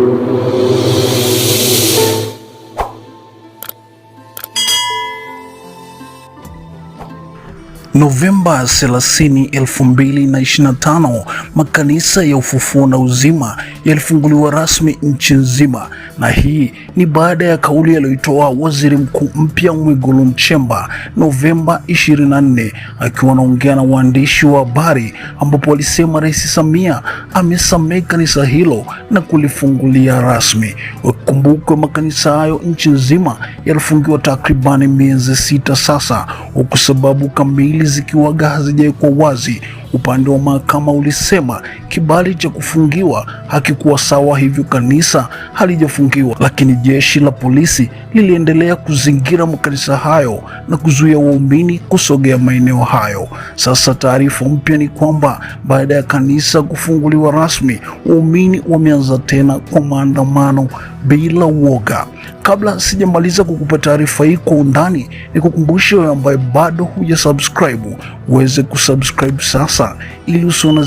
Thank you. Novemba 30, 2025, makanisa ya Ufufuo na Uzima yalifunguliwa rasmi nchi nzima, na hii ni baada ya kauli aliyoitoa Waziri Mkuu mpya Mwigulu Nchemba Novemba 24, akiwa anaongea na waandishi wa habari, ambapo alisema Rais Samia amesamehe kanisa hilo na kulifungulia rasmi. Wakumbukwe, makanisa hayo nchi nzima yalifungiwa takribani miezi sita sasa, huku sababu kamili zikiwaga hazijawekwa wazi. Upande wa mahakama ulisema kibali cha kufungiwa Hakikuwa sawa, hivyo kanisa halijafungiwa, lakini jeshi la polisi liliendelea kuzingira makanisa hayo na kuzuia waumini kusogea maeneo hayo. Sasa taarifa mpya ni kwamba baada ya kanisa kufunguliwa rasmi, waumini wameanza tena kwa maandamano bila uoga. Kabla sijamaliza kukupa taarifa hii kwa undani, ni kukumbusha wewe ambaye bado hujasubscribe uweze kusubscribe sasa, ili usiwe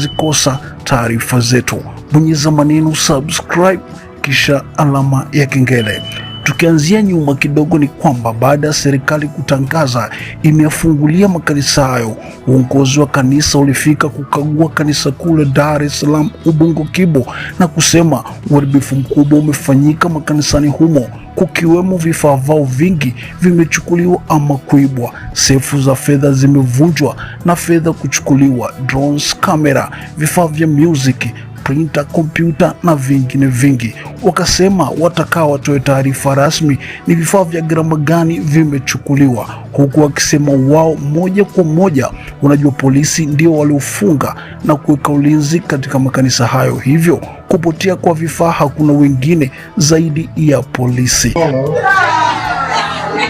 taarifa zetu bonyeza maneno subscribe, kisha alama ya kengele. Tukianzia nyuma kidogo, ni kwamba baada ya serikali kutangaza imefungulia makanisa hayo, uongozi wa kanisa ulifika kukagua kanisa kuu la Dar es Salaam Ubungo Kibo, na kusema uharibifu mkubwa umefanyika makanisani humo kukiwemo vifaa vao vingi vimechukuliwa ama kuibwa, sefu za fedha zimevunjwa na fedha kuchukuliwa, drones, kamera, vifaa vya muziki printer, kompyuta na vingine vingi. Wakasema watakaa watoe taarifa rasmi ni vifaa vya gharama gani vimechukuliwa, huku wakisema wao moja kwa moja, unajua polisi ndio waliofunga na kuweka ulinzi katika makanisa hayo, hivyo kupotea kwa vifaa hakuna wengine zaidi ya polisi.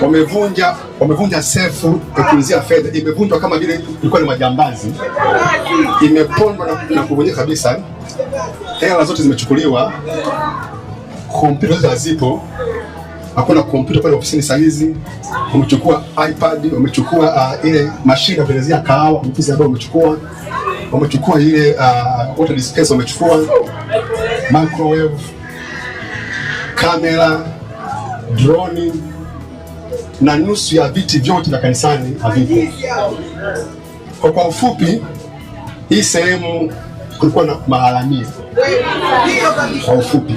Wamevunja, wamevunja sefu ya fedha, imevunjwa kama vile ilikuwa ni majambazi, imepondwa na kuvunja kabisa hela zote zimechukuliwa, kompyuta zote hazipo, hakuna kompyuta pale ofisini saa hizi. Wamechukua iPad, wamechukua uh, ile mashine ya kuelezea kahawa mpizi ambao wamechukua, wamechukua ile uh, water dispenser, wamechukua microwave, kamera, droni na nusu ya viti vyote vya kanisani havipo. Kwa kwa ufupi, hii sehemu kulikuwa na malalamiko kwa ufupi,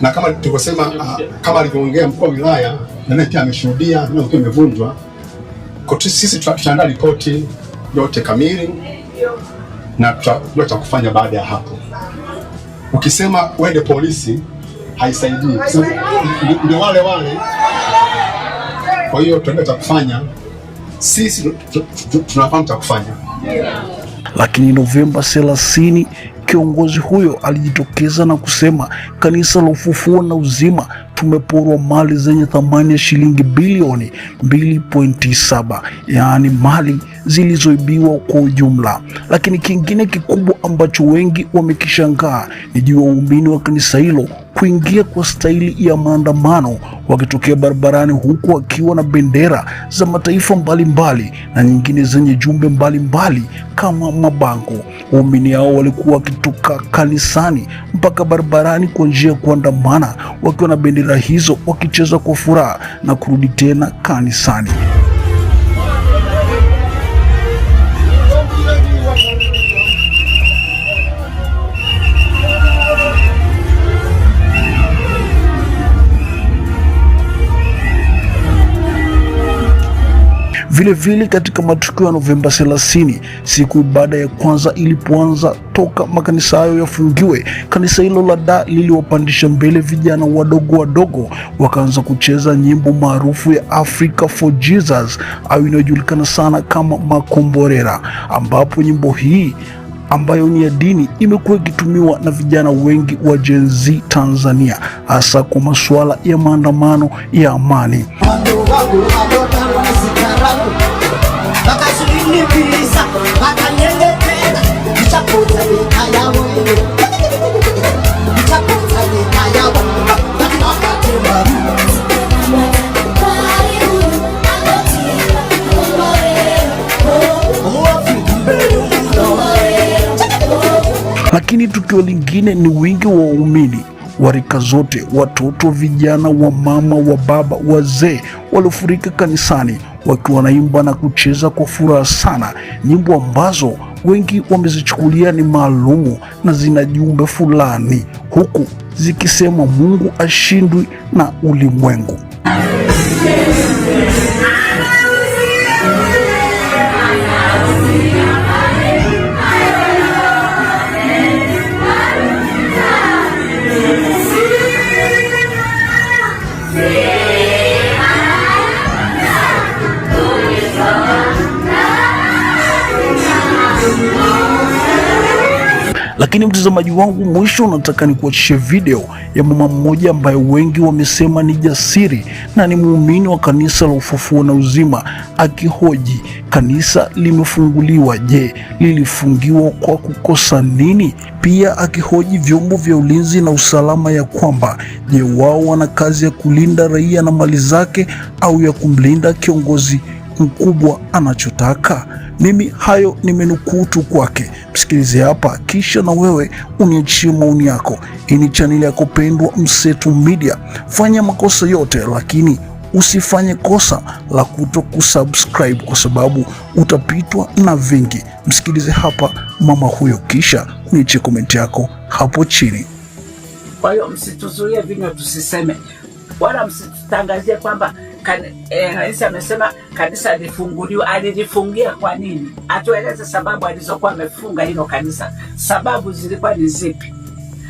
na kama tulivyosema, ah, kama alivyoongea mkuu wa wilaya na naye pia ameshuhudia na ukiwa imevunjwa. Sisi tutaandaa ripoti yote kamili na tutajua cha kufanya baada ya hapo. Ukisema uende polisi haisaidii, ndio wale wale. Kwa hiyo tutajua cha kufanya sisi, tunafahamu cha kufanya. Lakini Novemba 30 kiongozi huyo alijitokeza na kusema kanisa la ufufuo na uzima tumeporwa mali zenye thamani ya shilingi bilioni 2.7, yaani mali zilizoibiwa kwa ujumla. Lakini kingine kikubwa ambacho wengi wamekishangaa ni juu ya waumini wa kanisa hilo kuingia kwa staili ya maandamano wakitokea barabarani huku wakiwa na bendera za mataifa mbalimbali mbali, na nyingine zenye jumbe mbalimbali mbali, kama mabango. Waumini hao walikuwa wakitoka kanisani mpaka barabarani kwa njia ya kuandamana wakiwa na bendera hizo wakicheza kwa furaha na kurudi tena kanisani. Vilevile katika matukio ya Novemba 30, siku ibada ya kwanza ilipoanza toka makanisa hayo yafungiwe, kanisa hilo la Da liliwapandisha mbele vijana wadogo wadogo, wakaanza kucheza nyimbo maarufu ya Africa for Jesus au inayojulikana sana kama Makomborera, ambapo nyimbo hii ambayo ni ya dini imekuwa ikitumiwa na vijana wengi wa Gen Z Tanzania hasa kwa masuala ya maandamano ya amani. Lakini tukio lingine ni wingi wa waumini wa rika zote, watoto, vijana, wa mama, wa baba, wazee waliofurika kanisani wakiwa wanaimba na kucheza kwa furaha sana, nyimbo ambazo wengi wamezichukulia ni maalumu na zina jumbe fulani, huku zikisema Mungu ashindwi na ulimwengu Lakini mtazamaji wangu, mwisho nataka nikuachishe video ya mama mmoja ambaye wengi wamesema ni jasiri na ni muumini wa kanisa la ufufuo na uzima, akihoji kanisa limefunguliwa, je, lilifungiwa kwa kukosa nini? Pia akihoji vyombo vya ulinzi na usalama ya kwamba je, wao wana kazi ya kulinda raia na mali zake au ya kumlinda kiongozi mkubwa anachotaka. Mimi hayo nimenukuu tu kwake. Msikilize hapa, kisha na wewe uniachie maoni yako. Hii ni chaneli ya kupendwa Mseto Media. Fanya makosa yote, lakini usifanye kosa la kuto kusubscribe kwa sababu utapitwa na vingi. Msikilize hapa mama huyo, kisha uniachie komenti yako hapo chini. Kwa hiyo msituzuie vinywa tusiseme, wala msitutangazie kwamba Eh, rais eh, amesema kanisa lifunguliwa. Alilifungia kwa nini? Atueleze sababu alizokuwa amefunga hilo kanisa, sababu zilikuwa ni zipi?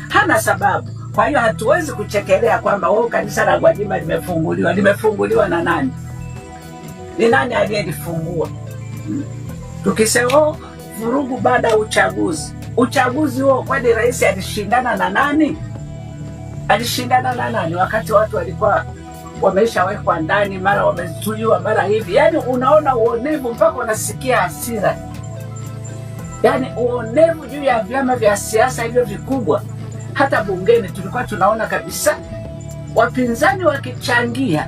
Hana sababu. Kwa hiyo hatuwezi kuchekelea kwamba huu oh, kanisa la Gwajima limefunguliwa. Limefunguliwa na nani? Ni nani aliyelifungua? Hmm. Tukisema oh, vurugu baada ya uchaguzi, uchaguzi huo kwani rais alishindana na nani? Alishindana na nani wakati watu walikuwa wameshawekwa ndani, mara wamezuiwa, mara hivi. Yani unaona uonevu mpaka unasikia hasira, yani uonevu juu ya vyama vya siasa hivyo vikubwa. Hata bungeni tulikuwa tunaona kabisa wapinzani wakichangia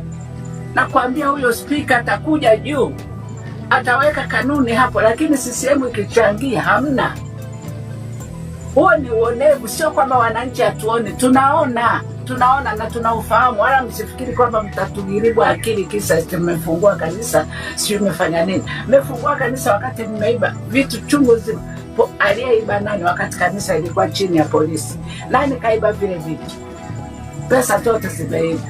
na kuambia huyo spika atakuja juu ataweka kanuni hapo, lakini CCM ikichangia hamna. Huo ni uonevu, sio kwamba wananchi hatuoni, tunaona tunaona na tunaufahamu, wala msifikiri kwamba mtatugiribwa akili kisa tumefungua kanisa, sijui mmefanya nini. Mmefungua kanisa wakati mmeiba vitu chungu zima. Aliyeiba nani wakati kanisa ilikuwa chini ya polisi? Nani kaiba vile vitu? Pesa zote zimeiba.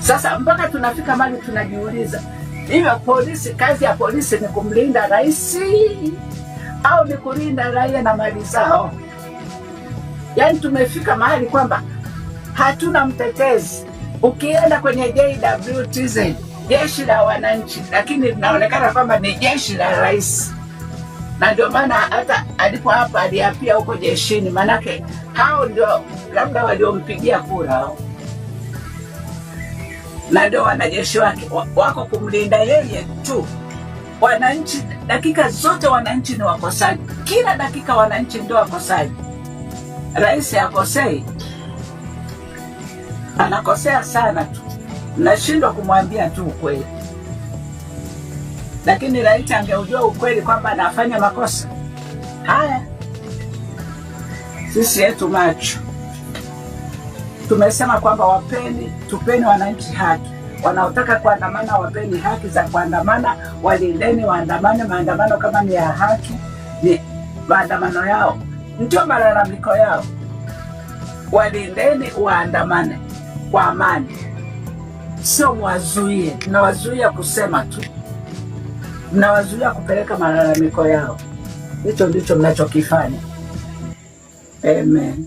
Sasa mpaka tunafika mali tunajiuliza, hiyo polisi, kazi ya polisi ni kumlinda rais au ni kulinda raia na mali zao. Yaani tumefika mahali kwamba hatuna mtetezi. Ukienda kwenye JWTZ, jeshi la wananchi, lakini linaonekana kwamba ni jeshi la rais, na ndio maana hata alipo hapa aliapia huko jeshini, manake hao ndio labda waliompigia kura hao na ndio wanajeshi wake wako kumlinda yeye tu wananchi dakika zote wananchi ni wakosaji, kila dakika wananchi ndio wakosaji. Rais akosei, anakosea sana tu, nashindwa kumwambia tu ukweli. Lakini rais angeujua ukweli kwamba anafanya makosa haya. Sisi yetu macho, tumesema kwamba wapeni, tupeni wananchi haki wanaotaka kuandamana wapeni haki za kuandamana, walindeni waandamane. Maandamano kama ni ya haki, ni maandamano yao, ndio malalamiko yao. Walindeni waandamane kwa amani, sio mwazuie. Mnawazuia kusema tu, mnawazuia kupeleka malalamiko yao. Hicho ndicho mnachokifanya. Amen.